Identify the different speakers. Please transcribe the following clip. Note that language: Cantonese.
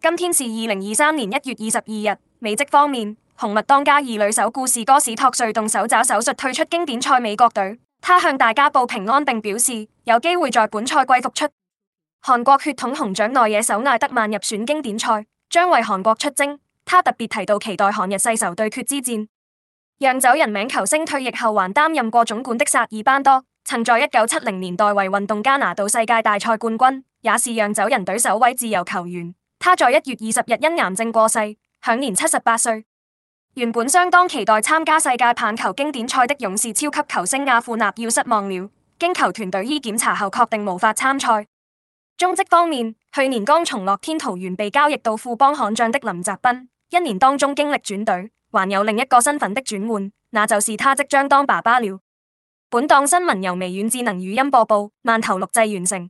Speaker 1: 今天是二零二三年一月二十二日。美職方面，紅襪當家二壘手故事哥史托瑞動手找手術，退出經典賽美國隊。他向大家報平安，並表示有機會在本賽季復出。韓國血統紅掌內野手艾德曼入選經典賽，將為韓國出征。他特別提到期待韓日世仇對決之戰。釀酒人名球星退役後還擔任過總管的薩爾班多，曾在一九七零年代為運動家拿到世界大賽冠軍，也是釀酒人隊首位自由球員。他在一月二十日因癌症過世，享年七十八歲。原本相當期待參加世界棒球經典賽的勇士超級球星亞庫納要失望了，經球團隊醫檢查後，確定無法參賽。中職方面，去年剛從樂天桃園被交易到富邦悍將的林澤斌，一年當中經歷轉隊，還有另一個身份的轉換，那就是他即將當爸爸了。本檔新聞由微軟智能語音播報，慢頭錄製完成。